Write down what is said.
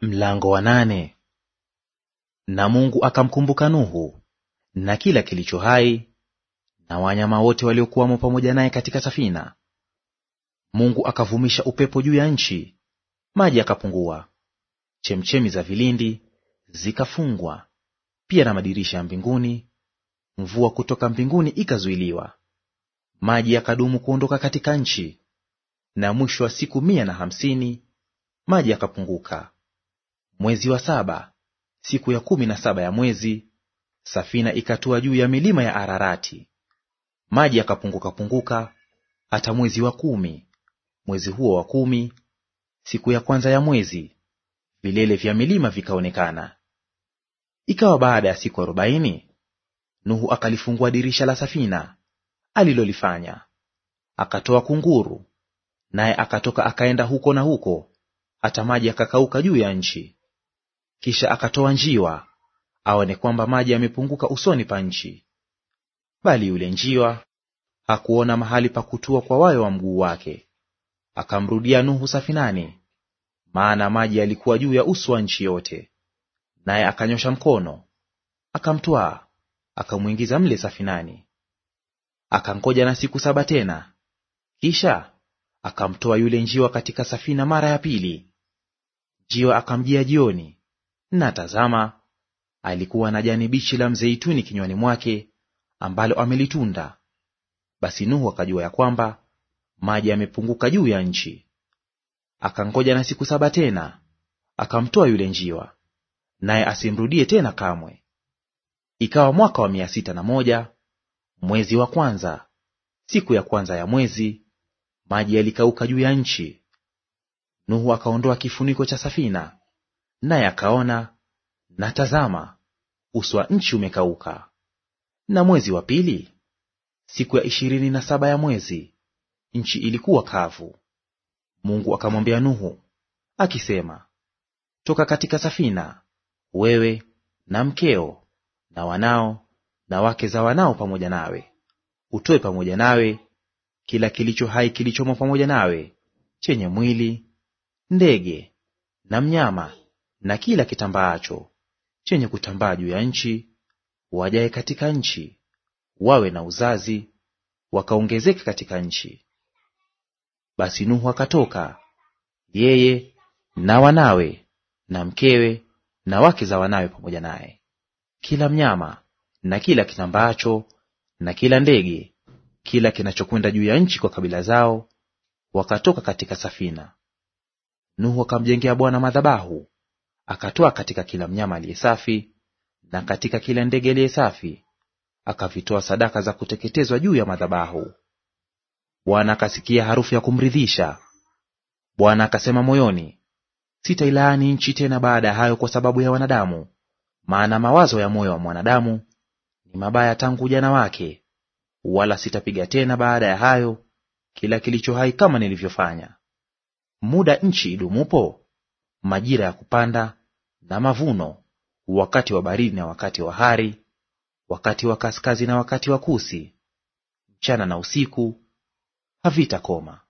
Mlango wa nane. Na Mungu akamkumbuka Nuhu na kila kilicho hai na wanyama wote waliokuwamo pamoja naye katika safina. Mungu akavumisha upepo juu ya nchi, maji yakapungua, chemchemi za vilindi zikafungwa, pia na madirisha ya mbinguni; mvua kutoka mbinguni ikazuiliwa. Maji yakadumu kuondoka katika nchi, na mwisho wa siku mia na hamsini maji yakapunguka mwezi wa saba, siku ya kumi na saba ya mwezi, safina ikatua juu ya milima ya Ararati. Maji yakapunguka punguka hata mwezi wa kumi, mwezi huo wa kumi, siku ya kwanza ya mwezi, vilele vya milima vikaonekana. Ikawa baada ya siku arobaini, Nuhu akalifungua dirisha la safina alilolifanya, akatoa kunguru, naye akatoka akaenda huko na huko, hata maji akakauka juu ya nchi. Kisha akatoa njiwa aone kwamba maji yamepunguka usoni pa nchi. Bali yule njiwa hakuona mahali pa kutua kwa wayo wa mguu wake. Akamrudia Nuhu safinani, maana maji yalikuwa juu ya uso wa nchi yote. Naye akanyosha mkono akamtwaa, akamwingiza mle safinani. Akangoja na siku saba tena, kisha akamtoa yule njiwa katika safina mara ya pili. Njiwa akamjia jioni, na tazama, alikuwa na jani bichi la mzeituni kinywani mwake, ambalo amelitunda. Basi Nuhu akajua ya kwamba maji yamepunguka juu ya nchi. Akangoja na siku saba tena, akamtoa yule njiwa, naye asimrudie tena kamwe. Ikawa mwaka wa mia sita na moja mwezi wa kwanza, siku ya kwanza ya mwezi, maji yalikauka juu ya nchi. Nuhu akaondoa kifuniko cha safina naye akaona, na tazama, uso wa nchi umekauka. Na mwezi wa pili, siku ya ishirini na saba ya mwezi, nchi ilikuwa kavu. Mungu akamwambia Nuhu akisema, toka katika safina, wewe na mkeo na wanao na wake za wanao pamoja nawe, utoe pamoja nawe kila kilicho hai kilichomo pamoja nawe, chenye mwili, ndege na mnyama na kila kitambaacho chenye kutambaa juu ya nchi, wajae katika nchi, wawe na uzazi, wakaongezeka katika nchi. Basi Nuhu akatoka, yeye na wanawe na mkewe na wake za wanawe pamoja naye, kila mnyama na kila kitambaacho na kila ndege, kila kinachokwenda juu ya nchi kwa kabila zao, wakatoka katika safina. Nuhu akamjengea Bwana madhabahu akatoa katika kila mnyama aliye safi na katika kila ndege aliye safi, akavitoa sadaka za kuteketezwa juu ya madhabahu. Bwana akasikia harufu ya kumridhisha. Bwana akasema moyoni, sitailaani nchi tena baada ya hayo kwa sababu ya wanadamu, maana mawazo ya moyo wa mwanadamu ni mabaya tangu ujana wake, wala sitapiga tena baada ya hayo kila kilicho hai kama nilivyofanya. Muda nchi idumupo, majira ya kupanda na mavuno, wakati wa baridi na wakati wa hari, wakati wa kaskazi na wakati wa kusi, mchana na usiku havitakoma.